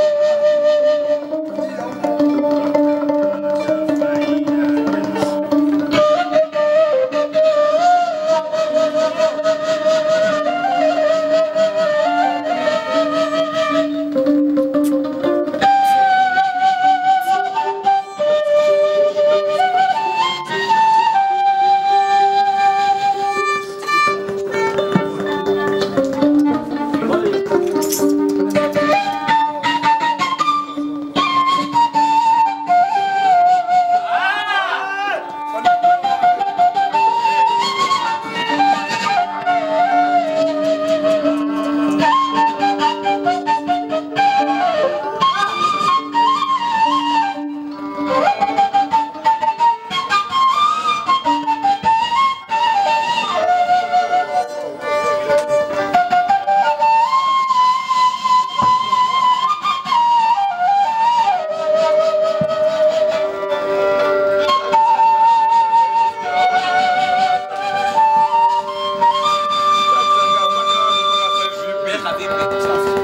Thank you. na Bíblia tá cristã.